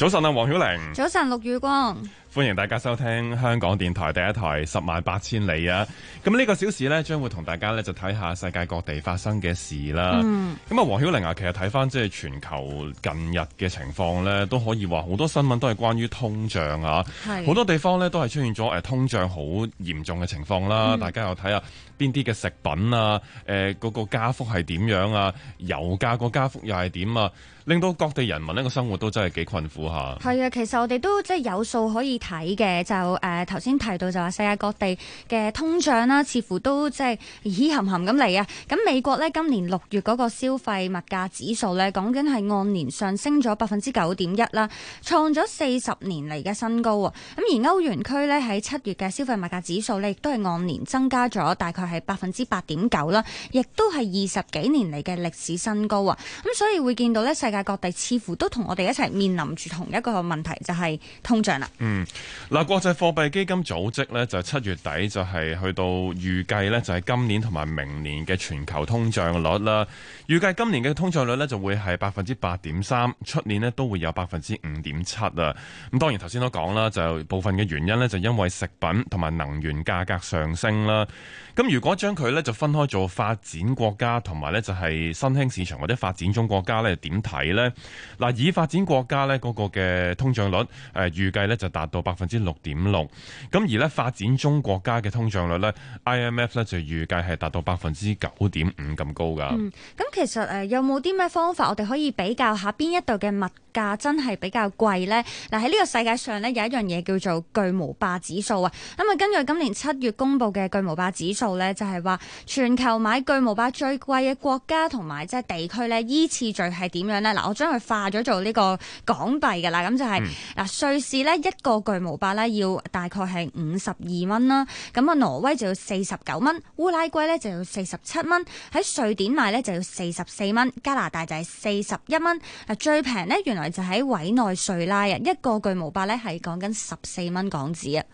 早晨啊，黃曉玲。早晨，陸宇光。歡迎大家收聽香港電台第一台十萬八千里啊！咁呢個小時呢，將會同大家呢就睇下世界各地發生嘅事啦。咁、嗯、啊，黃曉玲啊，其實睇返即係全球近日嘅情況呢，都可以話好多新聞都係關於通脹啊，好是多地方呢，都係出現咗誒通脹好嚴重嘅情況啦。嗯、大家又睇下邊啲嘅食品啊，誒、呃、嗰、嗰個加幅係點樣啊？油價個加幅又係點啊？令到各地人民呢個生活都真係幾困苦吓、啊。係啊，其實我哋都即係有數可以。睇嘅就誒頭先提到就話世界各地嘅通脹啦，似乎都即係咦含含咁嚟啊！咁美國咧今年六月嗰個消費物價指數咧，講緊係按年上升咗百分之九點一啦，創咗四十年嚟嘅新高啊！咁而歐元區咧喺七月嘅消費物價指數咧，亦都係按年增加咗大概係百分之八點九啦，亦都係二十幾年嚟嘅歷史新高啊！咁所以會見到咧，世界各地似乎都同我哋一齊面臨住同一個問題，就係通脹啦。嗯。嗱，國際貨幣基金組織呢就七月底就係去到預計呢就係今年同埋明年嘅全球通脹率啦。預計今年嘅通脹率呢，就會係百分之八點三，出年呢都會有百分之五點七啊。咁當然頭先都講啦，就部分嘅原因呢，就因為食品同埋能源價格上升啦。咁如果將佢呢，就分開做發展國家同埋呢，就係新興市場或者發展中國家呢，點睇呢？嗱，以發展國家呢，嗰個嘅通脹率誒預計呢就達到。百分之六點六，咁而咧發展中國家嘅通脹率呢 IMF 呢就預計係達到百分之九點五咁高噶。咁、嗯、其實誒有冇啲咩方法，我哋可以比較下邊一度嘅物價真係比較貴呢？嗱，喺呢個世界上呢，有一樣嘢叫做巨無霸指數啊。咁啊根據今年七月公布嘅巨無霸指數呢，就係話全球買巨無霸最貴嘅國家同埋即係地區呢，依次序係點樣呢？嗱，我將佢化咗做呢個港幣噶啦，咁就係嗱，瑞士呢一個、個。巨無霸咧要大概係五十二蚊啦，咁啊挪威就要四十九蚊，烏拉圭咧就要四十七蚊，喺瑞典買咧就要四十四蚊，加拿大就係四十一蚊，啊最平咧原來就喺委內瑞拉嘅一個巨無霸咧係講緊十四蚊港紙啊。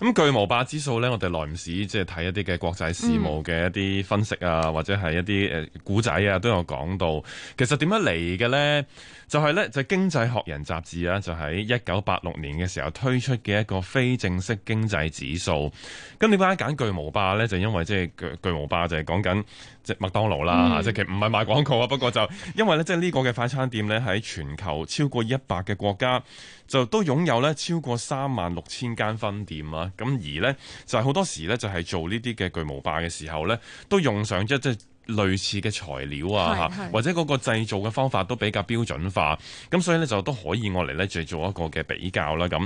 咁巨無霸指數呢，我哋耐唔時即係睇一啲嘅國際事務嘅一啲分析啊，或者係一啲誒故仔啊，都有講到。其實點樣嚟嘅呢？就係呢，就經濟學人雜誌啊，就喺一九八六年嘅時候推出嘅一個非正式經濟指數。咁點解揀巨無霸呢？就因為即係巨巨無霸就係講緊。即麥當勞啦嚇，嗯、即其唔係賣廣告啊，不過就因為咧，即係呢個嘅快餐店咧喺全球超過一百嘅國家，就都擁有咧超過三萬六千間分店啊。咁而咧就係、是、好多時咧就係、是、做呢啲嘅巨無霸嘅時候咧，都用上即即。類似嘅材料啊，或者嗰個製造嘅方法都比較標準化，咁所以咧就都可以我嚟咧就做一個嘅比較啦。咁，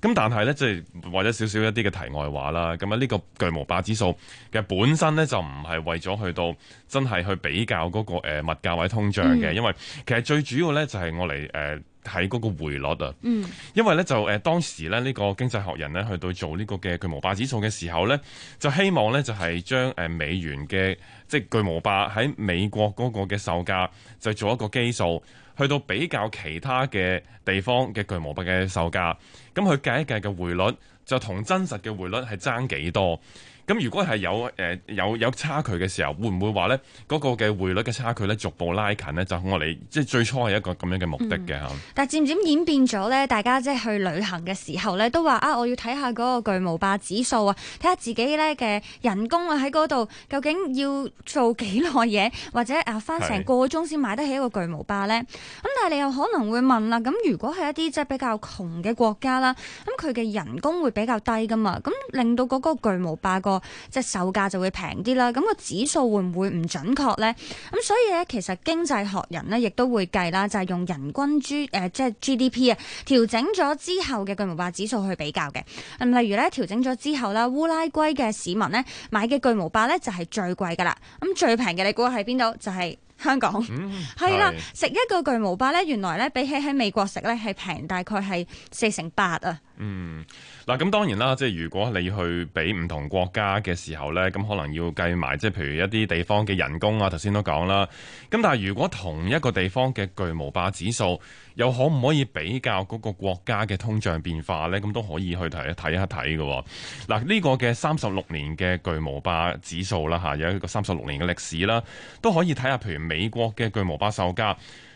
咁但係咧即係為咗少少一啲嘅題外話啦。咁啊，呢個巨無霸指數其實本身咧就唔係為咗去到真係去比較嗰個、呃、物價或者通脹嘅，嗯、因為其實最主要咧就係我嚟誒。呃睇嗰個匯率啊，因為咧就誒當時咧呢個經濟學人咧去到做呢個嘅巨無霸指數嘅時候咧，就希望咧就係將誒美元嘅即係巨無霸喺美國嗰個嘅售價，就做一個基數，去到比較其他嘅地方嘅巨無霸嘅售價，咁佢計一計嘅匯率就同真實嘅匯率係爭幾多？咁如果係有誒、呃、有有差距嘅時候，會唔會話咧個嘅匯率嘅差距咧逐步拉近咧？就我哋即係最初係一個咁樣嘅目的嘅嚇、嗯。但係漸漸演變咗咧，大家即係去旅行嘅時候咧，都話啊，我要睇下個巨無霸指數啊，睇下自己咧嘅人工啊喺度究竟要做幾耐嘢，或者啊翻成個鐘先買得起一個巨無霸咧。咁、嗯、但係你又可能會問啦，咁、啊、如果係一啲即係比較窮嘅國家啦，咁佢嘅人工會比較低噶嘛，咁、啊、令到個巨無霸即係售價就會平啲啦，咁個指數會唔會唔準確呢？咁所以咧，其實經濟學人咧亦都會計啦，就係用人均 G 誒，即係 GDP 啊，調整咗之後嘅巨無霸指數去比較嘅。咁例如咧，調整咗之後咧，烏拉圭嘅市民咧買嘅巨無霸咧就係最貴噶啦，咁最平嘅你估下喺邊度？就係、是、香港，係啦，食一個巨無霸咧，原來咧比起喺美國食咧係平，大概係四成八啊。嗯，嗱，咁當然啦，即係如果你去俾唔同國家嘅時候呢，咁可能要計埋，即係譬如一啲地方嘅人工啊，頭先都講啦。咁但係如果同一個地方嘅巨無霸指數，又可唔可以比較嗰個國家嘅通脹變化呢？咁都可以去睇一睇一睇嘅。嗱、啊，呢、呢個嘅三十六年嘅巨無霸指數啦，嚇、啊，有一個三十六年嘅歷史啦、啊，都可以睇下。譬如美國嘅巨無霸售價。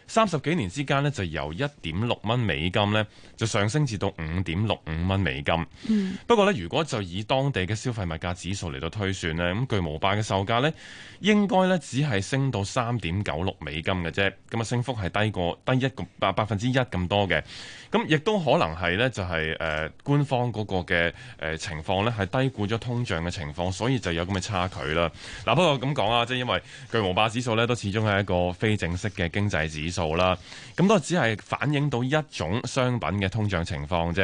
三十幾年之間呢就由一點六蚊美金呢，就上升至到五點六五蚊美金。嗯。不過呢，如果就以當地嘅消費物價指數嚟到推算呢咁巨無霸嘅售價呢，應該呢只係升到三點九六美金嘅啫。咁啊，升幅係低過低一個百分之一咁多嘅。咁亦都可能係、就係呃、呢，就係誒官方嗰個嘅誒情況呢，係低估咗通脹嘅情況，所以就有咁嘅差距啦。嗱，不過咁講啊，即係因為巨無霸指數呢，都始終係一個非正式嘅經濟指數。到啦，咁都只係反映到一種商品嘅通脹情況啫。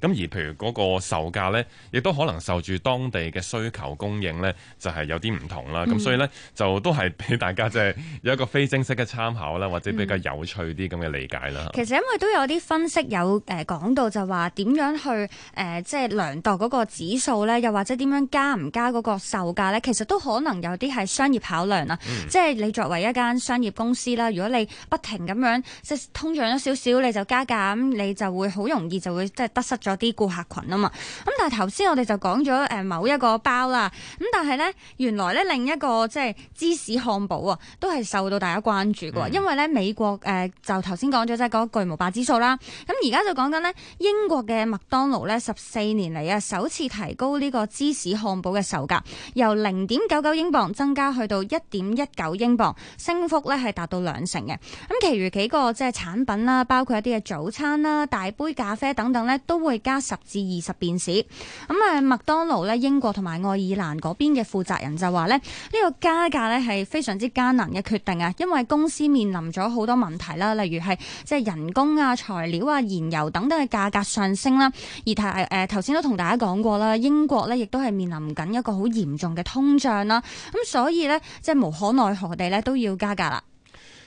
咁而譬如嗰個售價咧，亦都可能受住當地嘅需求供應咧，就係、是、有啲唔同啦。咁、嗯、所以咧，就都係俾大家即係有一個非正式嘅參考啦，或者比較有趣啲咁嘅理解啦。嗯、其實因為都有啲分析有誒講、呃、到就話點樣去誒即係量度嗰個指數咧，又或者點樣加唔加嗰個售價咧，其實都可能有啲係商業考量啦。嗯、即係你作為一間商業公司啦，如果你不停。咁樣即係通脹咗少少，你就加價，咁你就會好容易就會即係得失咗啲顧客群啊嘛。咁但係頭先我哋就講咗誒某一個包啦。咁但係呢，原來呢另一個即係芝士漢堡啊，都係受到大家關注嘅，嗯、因為呢，美國誒、呃、就頭先講咗即係嗰個巨無霸指數啦。咁而家就講緊呢，英國嘅麥當勞呢，十四年嚟啊首次提高呢個芝士漢堡嘅售價，由零點九九英鎊增加去到一點一九英鎊，升幅呢係達到兩成嘅。咁。其餘幾個即係產品啦，包括一啲嘅早餐啦、大杯咖啡等等咧，都會加十至二十便士。咁啊，麥當勞咧，英國同埋愛爾蘭嗰邊嘅負責人就話咧，呢個加價咧係非常之艱難嘅決定啊，因為公司面臨咗好多問題啦，例如係即係人工啊、材料啊、燃油等等嘅價格上升啦。而頭誒頭先都同大家講過啦，英國咧亦都係面臨緊一個好嚴重嘅通脹啦。咁所以咧，即係無可奈何地咧，都要加價啦。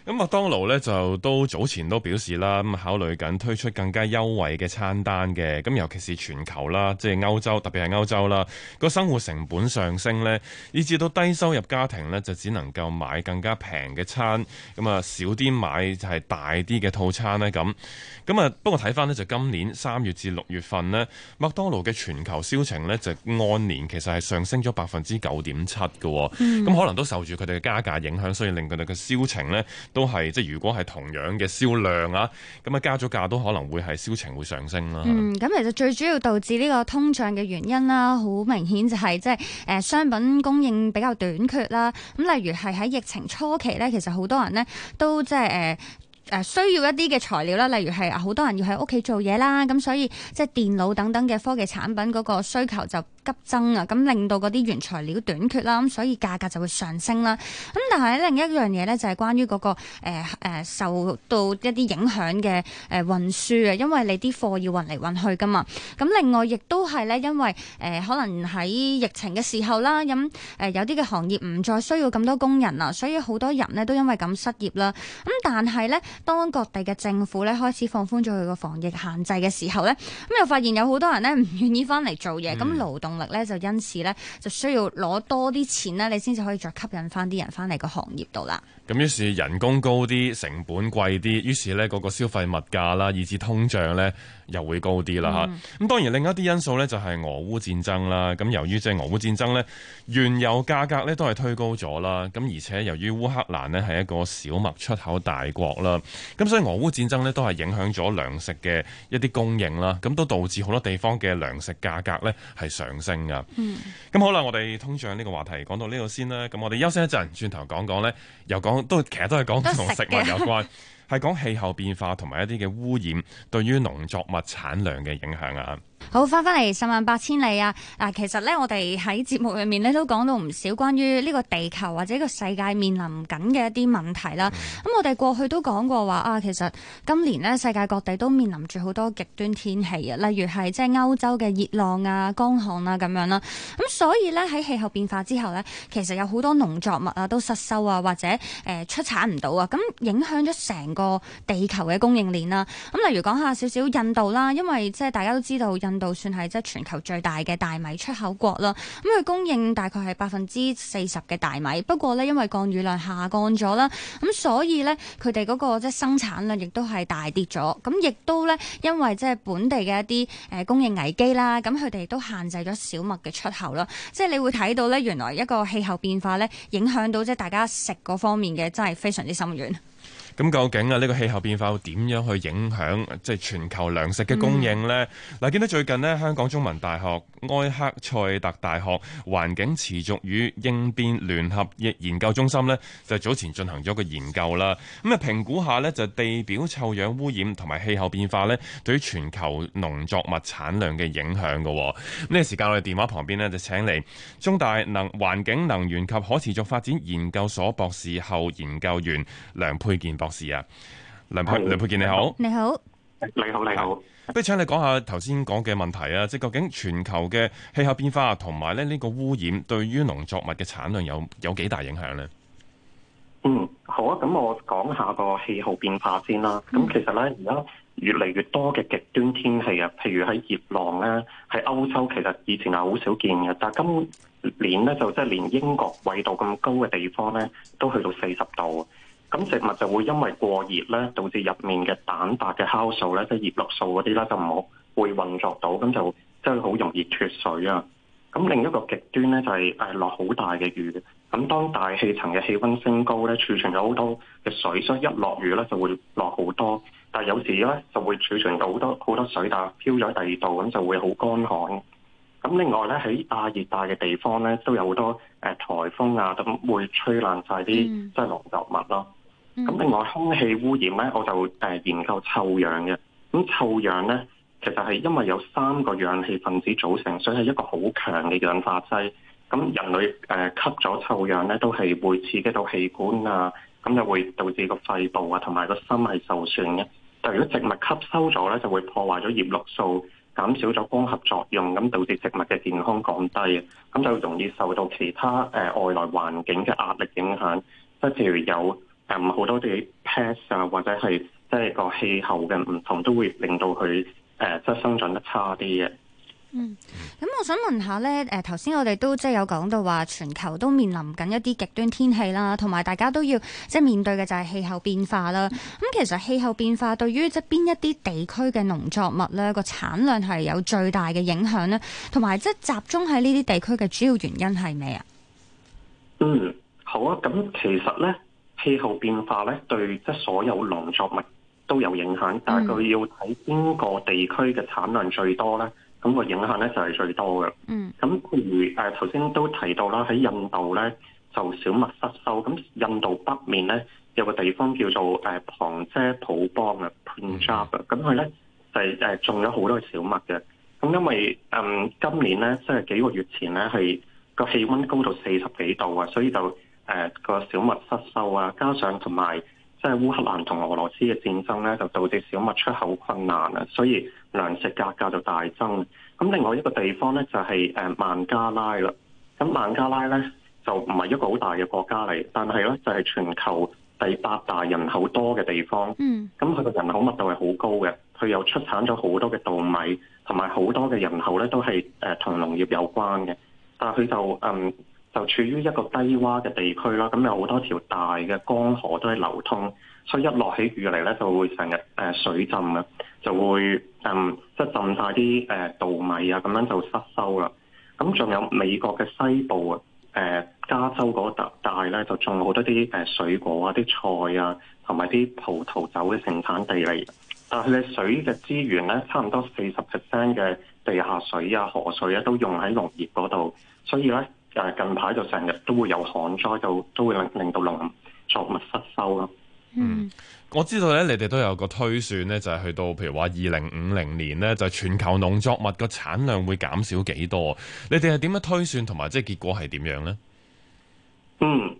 咁麥當勞咧就都早前都表示啦，咁考慮緊推出更加優惠嘅餐單嘅，咁尤其是全球啦，即係歐洲，特別係歐洲啦，個生活成本上升呢，以至到低收入家庭呢，就只能夠買更加平嘅餐，咁啊少啲買就係大啲嘅套餐咧，咁咁啊，不過睇返呢，就今年三月至六月份呢，麥當勞嘅全球銷情呢，就按年其實係上升咗百分之九點七㗎喎，咁、嗯、可能都受住佢哋嘅加價影響，所以令佢哋嘅銷情呢。都係即係，如果係同樣嘅銷量啊，咁啊加咗價都可能會係銷情會上升啦。嗯，咁其實最主要導致呢個通脹嘅原因啦，好明顯就係即係誒商品供應比較短缺啦。咁例如係喺疫情初期咧，其實好多人咧都即係誒誒需要一啲嘅材料啦，例如係好多人要喺屋企做嘢啦，咁所以即係電腦等等嘅科技產品嗰個需求就急增啊，咁令到嗰啲原材料短缺啦，咁所以價格就會上升啦。咁但係另一樣嘢咧，就係關於嗰個誒誒受到一啲影響嘅誒運輸啊，因為你啲貨要運嚟運去噶嘛。咁另外亦都係咧，因為誒、呃、可能喺疫情嘅時候啦，咁、呃、誒有啲嘅行業唔再需要咁多工人啦，所以好多人咧都因為咁失業啦。咁但係咧，當各地嘅政府咧開始放寬咗佢個防疫限制嘅時候咧，咁又發現有好多人咧唔願意翻嚟做嘢，咁勞動。咧就因此咧就需要攞多啲錢咧，你先至可以再吸引翻啲人翻嚟個行業度啦。咁於是人工高啲，成本貴啲，於是咧嗰個消費物價啦，以致通脹咧又會高啲啦吓。咁、嗯、當然另一啲因素咧就係俄烏戰爭啦。咁由於即係俄烏戰爭咧，原油價格咧都係推高咗啦。咁而且由於烏克蘭呢係一個小麥出口大國啦，咁所以俄烏戰爭呢都係影響咗糧食嘅一啲供應啦。咁都導致好多地方嘅糧食價格咧係上升噶，咁、嗯、好啦，我哋通脹呢個話題講到呢度先啦。咁我哋休息一陣，轉頭講講咧，又講都其實都係講同食物有關，係講氣候變化同埋一啲嘅污染對於農作物產量嘅影響啊。好翻翻嚟十萬八千里啊！嗱、啊，其實咧，我哋喺節目裏面咧都講到唔少關於呢個地球或者個世界面臨緊嘅一啲問題啦。咁、嗯、我哋過去都講過話啊，其實今年呢，世界各地都面臨住好多極端天氣啊，例如係即係歐洲嘅熱浪啊、乾旱啊咁樣啦、啊。咁、嗯、所以呢，喺氣候變化之後呢，其實有好多農作物啊都失收啊，或者誒、呃、出產唔到啊，咁、嗯、影響咗成個地球嘅供應鏈啦、啊。咁、嗯、例如講下少，少少印度啦，因為即係大家都知道印度算係即係全球最大嘅大米出口國啦，咁佢供應大概係百分之四十嘅大米，不過呢，因為降雨量下降咗啦，咁所以呢，佢哋嗰個即係生產量亦都係大跌咗，咁亦都呢，因為即係本地嘅一啲誒供應危機啦，咁佢哋都限制咗小麥嘅出口啦，即係你會睇到呢，原來一個氣候變化呢，影響到即係大家食嗰方面嘅真係非常之深遠。咁究竟啊呢個氣候變化會點樣去影響即係全球糧食嘅供應咧？嗱、嗯，見到最近咧香港中文大學埃克塞特大學環境持續與應變聯合研究中心咧，就早前進行咗個研究啦。咁啊評估下咧，就地表臭氧污染、同埋氣候變化咧，對於全球農作物產量嘅影響嘅。咁、這、呢個時間我哋電話旁邊咧就請嚟，中大能環境能源及可持續發展研究所博士後研究員梁沛健博士是啊，梁沛是梁沛健你好，你好，你好，是你好，你好。不如請你講下頭先講嘅問題啊，即係究竟全球嘅氣候變化同埋咧呢個污染，對於農作物嘅產量有有幾大影響呢？嗯，好啊，咁我講下個氣候變化先啦。咁、嗯、其實咧，而家越嚟越多嘅極端天氣啊，譬如喺熱浪咧，喺歐洲其實以前係好少見嘅，但係今年咧就即係連英國緯度咁高嘅地方咧，都去到四十度。咁植物就會因為過熱咧，導致入面嘅蛋白嘅酵素咧，即係葉綠素嗰啲咧，就唔會運作到，咁就即係好容易脫水啊！咁另一個極端咧就係誒落好大嘅雨。咁當大氣層嘅氣温升高咧，儲存咗好多嘅水，所以一落雨咧就會落好多。但係有時咧就會儲存到好多好多水，但係飄咗喺第二度，咁就會好乾旱。咁另外咧喺亞熱帶嘅地方咧，都有好多誒、呃、颱風啊，咁會吹爛晒啲即係農作物咯。咁另外空氣污染咧，我就誒研究臭氧嘅。咁臭氧咧，其實係因為有三個氧氣分子組成，所以係一個好強嘅氧化劑。咁人類誒吸咗臭氧咧，都係會刺激到氣管啊，咁就會導致個肺部啊同埋個心係受損嘅。但係如果植物吸收咗咧，就會破壞咗葉綠素，減少咗光合作用，咁導致植物嘅健康降低。咁就容易受到其他誒外來環境嘅壓力影響，即係譬如有。好多啲 pest 啊，或者係即係個氣候嘅唔同，都會令到佢誒，即係生長得差啲嘅。嗯，咁我想問下咧，誒，頭先我哋都即係有講到話，全球都面臨緊一啲極端天氣啦，同埋大家都要即係面對嘅就係氣候變化啦。咁其實氣候變化對於即係邊一啲地區嘅農作物咧個產量係有最大嘅影響咧，同埋即係集中喺呢啲地區嘅主要原因係咩啊？嗯，好啊，咁其實咧。氣候變化咧對即係所有農作物都有影響，但係佢要睇邊個地區嘅產量最多咧，咁個影響咧就係最多嘅。嗯，咁譬如誒頭先都提到啦，喺印度咧就小麥失收，咁印度北面咧有個地方叫做誒旁遮普邦嘅 Punjab 啊，咁佢咧就誒種咗好多小麥嘅。咁因為嗯、呃、今年咧即係幾個月前咧係個氣温高到四十幾度啊，所以就誒、啊那個小麥失收啊，加上同埋即係烏克蘭同俄羅斯嘅戰爭咧，就導致小麥出口困難啊，所以糧食價格就大增。咁另外一個地方咧就係誒、啊、孟加拉啦。咁孟加拉咧就唔係一個好大嘅國家嚟，但係咧就係全球第八大人口多嘅地方。嗯，咁佢個人口密度係好高嘅，佢又出產咗好多嘅稻米，同埋好多嘅人口咧都係誒同農業有關嘅，但係佢就嗯。就處於一個低洼嘅地區啦，咁有好多條大嘅江河都係流通，所以一落起雨嚟咧，就會成日誒水浸啊，嗯、就會嗯即係浸晒啲誒稻米啊，咁樣就失收啦。咁仲有美國嘅西部誒、呃、加州嗰笪帶咧，就種好多啲誒水果啊、啲菜啊，同埋啲葡萄酒嘅盛產地嚟。但係咧，水嘅資源咧，差唔多四十 percent 嘅地下水啊、河水咧、啊，都用喺農業嗰度，所以咧。誒，近排就成日都會有旱災，就都會令令到農作物失收咯。嗯，我知道咧，你哋都有個推算咧，就係去到譬如話二零五零年咧，就係全球農作物個產量會減少幾多？你哋係點樣推算同埋即係結果係點樣咧？嗯，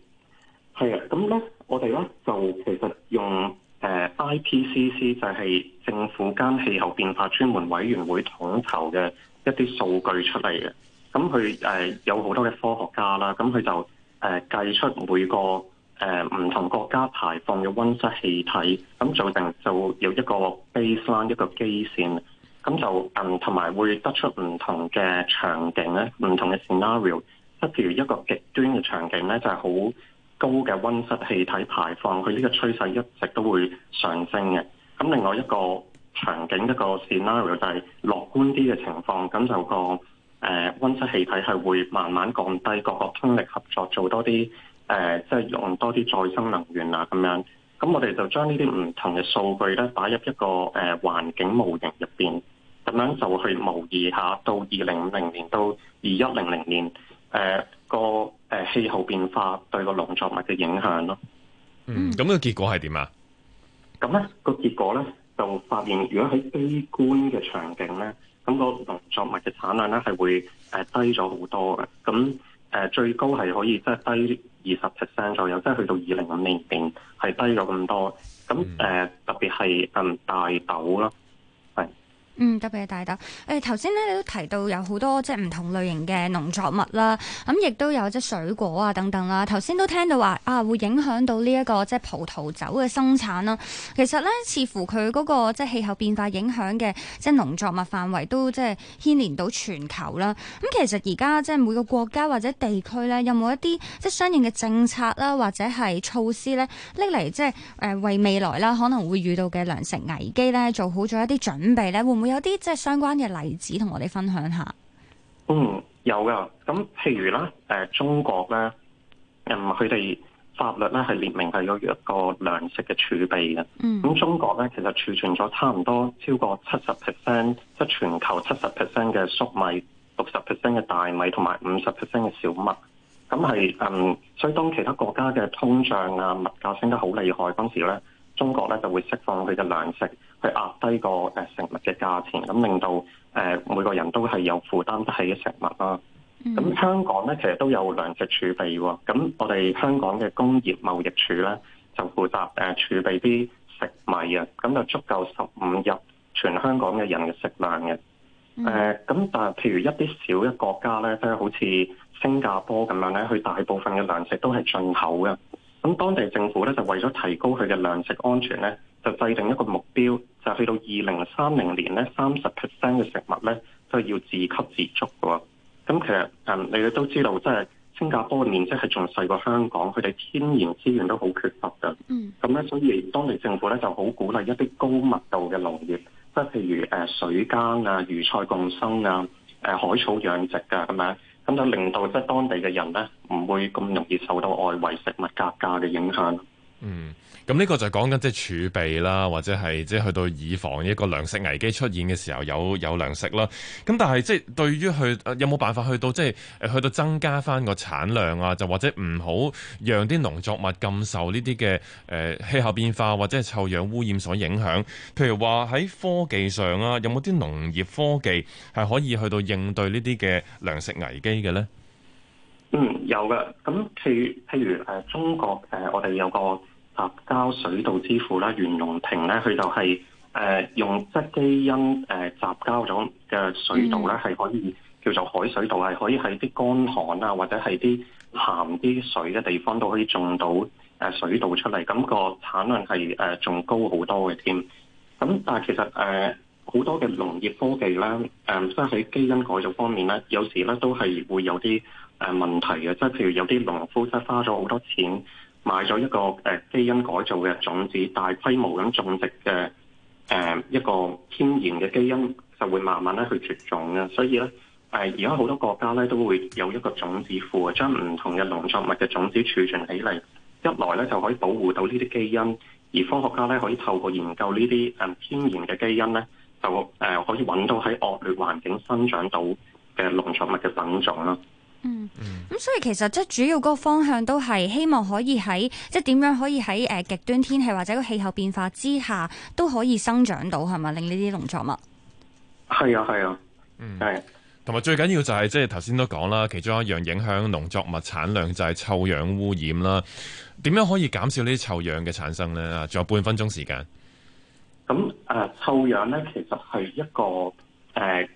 係啊，咁咧，我哋咧就其實用誒 IPCC 就係政府間氣候變化專門委員會統籌嘅一啲數據出嚟嘅。咁佢誒有好多嘅科學家啦，咁佢就誒、呃、計出每個誒唔、呃、同國家排放嘅溫室氣體，咁就定就有一個 baseline 一個基線，咁就嗯同埋會得出唔同嘅場景咧，唔同嘅 scenario，即係譬如一個極端嘅場景咧，就係、是、好高嘅溫室氣體排放，佢呢個趨勢一直都會上升嘅。咁另外一個場景一個 scenario 就係樂觀啲嘅情況，咁就個。誒，溫室氣體係會慢慢降低，各個通力合作做多啲誒、呃，即係用多啲再生能源啊，咁樣。咁我哋就將呢啲唔同嘅數據咧，擺入一個誒、呃、環境模型入邊，咁樣就去模擬下到二零五零年到二一零零年，誒、呃、個誒氣候變化對個農作物嘅影響咯。嗯，咁嘅結果係點啊？咁咧個結果咧就發現，如果喺悲觀嘅場景咧。咁個農作物嘅產量咧係會誒低咗好多嘅，咁誒最高係可以即係低二十 percent 左右，即係去到二零五零年係低咗咁多，咁誒特別係誒大豆啦。嗯，特別係大豆，誒頭先咧，你都提到有好多即係唔同類型嘅農作物啦，咁亦都有即係水果啊等等啦。頭先都聽到話啊，會影響到呢、這、一個即係葡萄酒嘅生產啦。其實咧，似乎佢嗰、那個即係氣候變化影響嘅即係農作物範圍都即係牽連到全球啦。咁其實而家即係每個國家或者地區咧，有冇一啲即係相應嘅政策啦，或者係措施咧，拎嚟即係誒、呃，為未來啦可能會遇到嘅糧食危機咧，做好咗一啲準備咧，會唔會？有啲即係相關嘅例子，同我哋分享下。嗯，有噶。咁譬如啦，誒、呃，中國咧，嗯，佢哋法律咧係列明係有一個糧食嘅儲備嘅。咁、嗯、中國咧，其實儲存咗差唔多超過七十 percent，即係全球七十 percent 嘅粟米，六十 percent 嘅大米，同埋五十 percent 嘅小麥。咁係，嗯、呃，所以當其他國家嘅通脹啊，物價升得好厲害嗰陣時咧，中國咧就會釋放佢嘅糧食。去壓低個誒食物嘅價錢，咁令到誒、呃、每個人都係有負擔得起嘅食物啦。咁、mm hmm. 香港咧其實都有糧食儲備喎。咁我哋香港嘅工業貿易署咧就負責誒、呃、儲備啲食米啊，咁就足夠十五日全香港嘅人嘅食量嘅。誒咁、mm hmm. 呃、但係譬如一啲小嘅國家咧，即係好似新加坡咁樣咧，佢大部分嘅糧食都係進口嘅。咁當地政府咧就為咗提高佢嘅糧食安全咧。就制定一個目標，就係去到二零三零年咧，三十 percent 嘅食物咧都要自給自足嘅喎。咁其實誒，嗯，你哋都知道，即係新加坡嘅面積係仲細過香港，佢哋天然資源都好缺乏嘅。嗯。咁咧，所以當地政府咧就好鼓勵一啲高密度嘅農業，即係譬如誒水耕啊、魚菜共生啊、誒海草養殖啊咁樣，咁就令到即係當地嘅人咧唔會咁容易受到外圍食物價格嘅影響。嗯，咁、這、呢個就講緊即係儲備啦，或者係即係去到以防一個糧食危機出現嘅時候有有糧食啦。咁但係即係對於去、啊、有冇辦法去到即、就、係、是、去到增加翻個產量啊？就或者唔好讓啲農作物咁受呢啲嘅誒氣候變化或者係臭氧污染所影響。譬如話喺科技上啊，有冇啲農業科技係可以去到應對呢啲嘅糧食危機嘅呢？嗯，有嘅。咁譬如譬如，誒中國，誒、呃、我哋有個雜交水稻之父咧袁隆平咧，佢就係、是、誒、呃、用質基因誒、呃、雜交咗嘅水稻咧，係、嗯、可以叫做海水稻，係可以喺啲乾旱啊或者係啲鹹啲水嘅地方都可以種到誒水稻出嚟。咁、那個產量係誒仲高好多嘅添。咁但係其實誒。呃好多嘅農業科技咧，誒，即喺基因改造方面咧，有時咧都係會有啲誒問題嘅，即係譬如有啲農夫咧花咗好多錢買咗一個誒基因改造嘅種子，大規模咁種植嘅誒一個天然嘅基因就會慢慢咧去絕種嘅，所以咧誒而家好多國家咧都會有一個種子庫，啊，將唔同嘅農作物嘅種子儲存起嚟，一來咧就可以保護到呢啲基因，而科學家咧可以透過研究呢啲誒天然嘅基因咧。就誒，可以揾到喺惡劣環境生長到嘅農作物嘅品種啦。嗯，咁、嗯、所以其實即係主要嗰個方向都係希望可以喺即係點樣可以喺誒極端天氣或者個氣候變化之下都可以生長到係咪令呢啲農作物係啊係啊，啊啊嗯係。同埋最緊要就係即係頭先都講啦，其中一樣影響農作物產量就係臭氧污染啦。點樣可以減少呢啲臭氧嘅產生咧？啊，仲有半分鐘時間。咁誒、呃、臭氧咧，其實係一個誒叫、呃、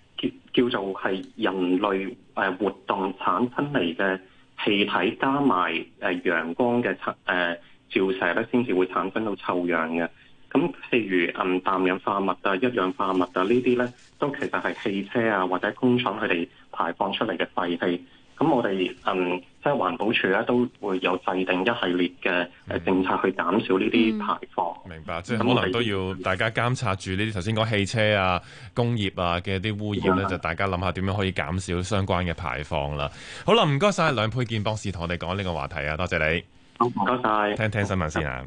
叫做係人類誒、呃、活動產生嚟嘅氣體，加埋誒陽光嘅擦誒照射咧，先、呃、至會產生到臭氧嘅。咁譬如氮、呃、氧化物啊、一氧化物啊呢啲咧，都其實係汽車啊或者工廠佢哋排放出嚟嘅廢氣。咁我哋嗯，即係環保署咧，都會有制定一系列嘅誒政策去減少呢啲排放。嗯、明白，嗯、即係可能都要大家監察住呢啲頭先講汽車啊、工業啊嘅啲污染咧，的就大家諗下點樣可以減少相關嘅排放啦。好啦，唔該晒梁沛健博士同我哋講呢個話題啊，多謝，謝你。好謝，唔該晒。聽聽新聞先啊。